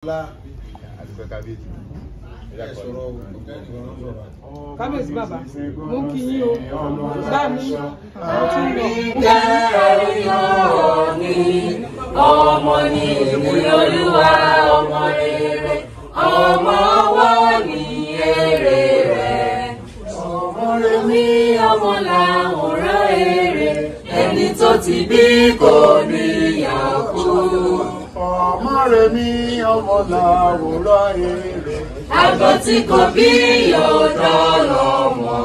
kábíyèsí bàbá mo ń kí yín o bá mi ọtún lọ. ǹjẹ́ àríyàn ni ọmọ ni ìlú olúwa ọmọ rere ọmọ ọwọ́ ni èrè rẹ̀ ọmọ rẹ̀mí ọmọ làwòrán èrè ẹni tó ti bí kò níyàwó ọmọ rẹ̀ mi ọmọ làwòrán èrè. àgbo tí kò bí yóò dọ̀rọ̀ mọ́.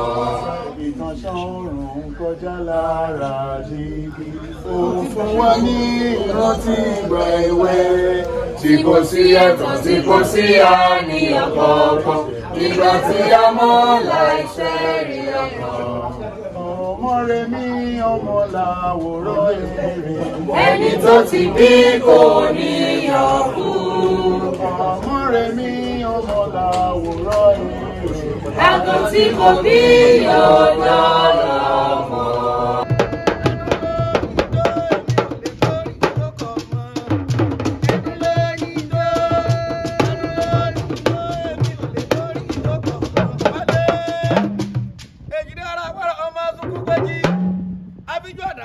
ìtànṣán oòrùn kọjá lára jíjí. òun fún wa ní ìrántí ìgbà èwe. tí kò sí ẹ̀tàn tí kò sí àníyàn kọ̀ọ̀kan. ìgbà tí a mọ́ láìṣẹ́ rí ọkàn. Mọ́remí ọmọ làwòrán èrè. Ẹni tó ti bí kò ní yọkú. Mọ́remí ọmọ làwòrán èrè. Àgọ́ tí kò bí yóò lọ.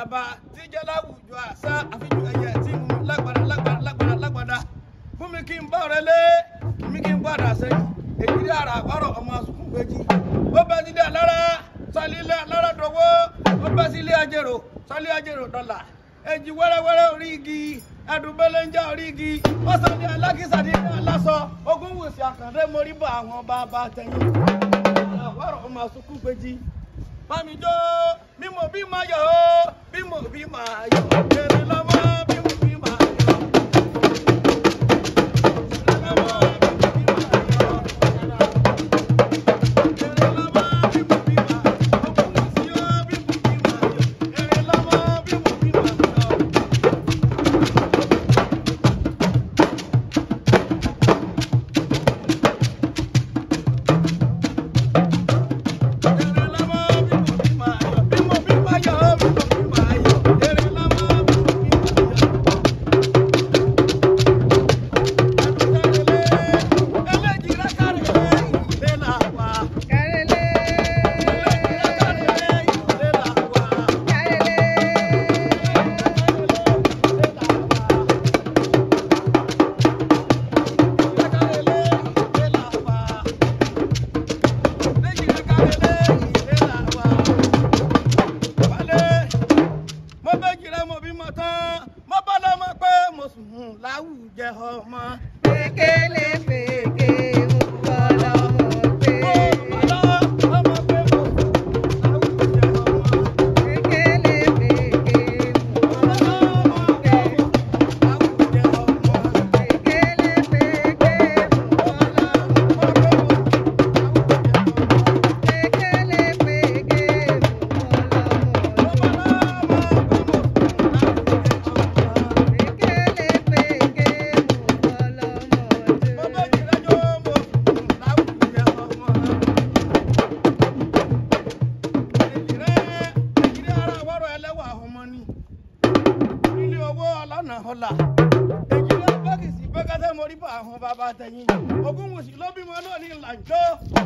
àràbà tíjẹ́ láwùjọ àṣà àfijù ẹ̀yẹ tí mo lágbára lágbára lágbára lágbára fún mi kí n bá rẹ lé mi kí n padà sẹ́yìn èyí dé ara àbárọ̀ ọmọ sùkúù gbèjì ó bẹ́ sílé alára sálílé alára dọ̀wọ́ ó bẹ́ sílé ajérò sálílé ajérò dọ̀là èjì wẹ́rẹ́wẹ́rẹ́ orí igi ẹdùnbẹ́lẹ́njá orí igi ó sálé alákísàdé ní aláṣọ ogúnwùsì àkàndé morí bá àwọn bàbá tẹ̀yìn àbárọ̀ ọmọ sùkúù gbèjì bámijó mímọ bí máa mo bi ma yo जहो माँ के ṣé mo rí bá àwọn bàbá tẹ̀yìn Ògúnwùsì ló bímọ lónìí làǹjọ́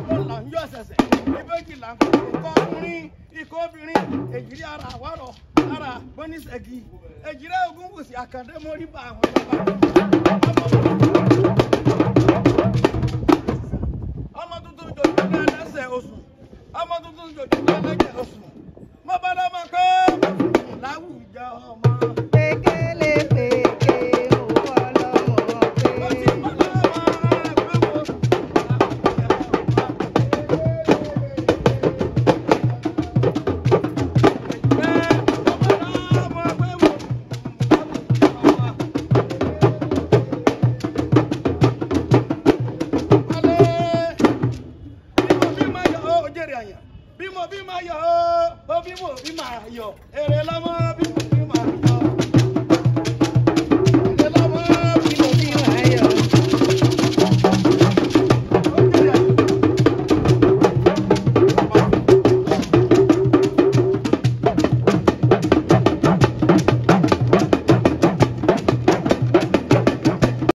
ló làǹjọ́ ṣẹ̀ṣẹ̀ ìbejì là ń ọkùnrin ikọ̀ obìnrin èjìrí ara àwárọ̀ ara gbóníṣẹ́gi èjìrí Ògúnwùsì àkàndé mo rí àwọn bàbá ọmọ tuntun jòjì ní oṣù ọmọ tuntun jòjì ní oṣù mo máa pẹ́.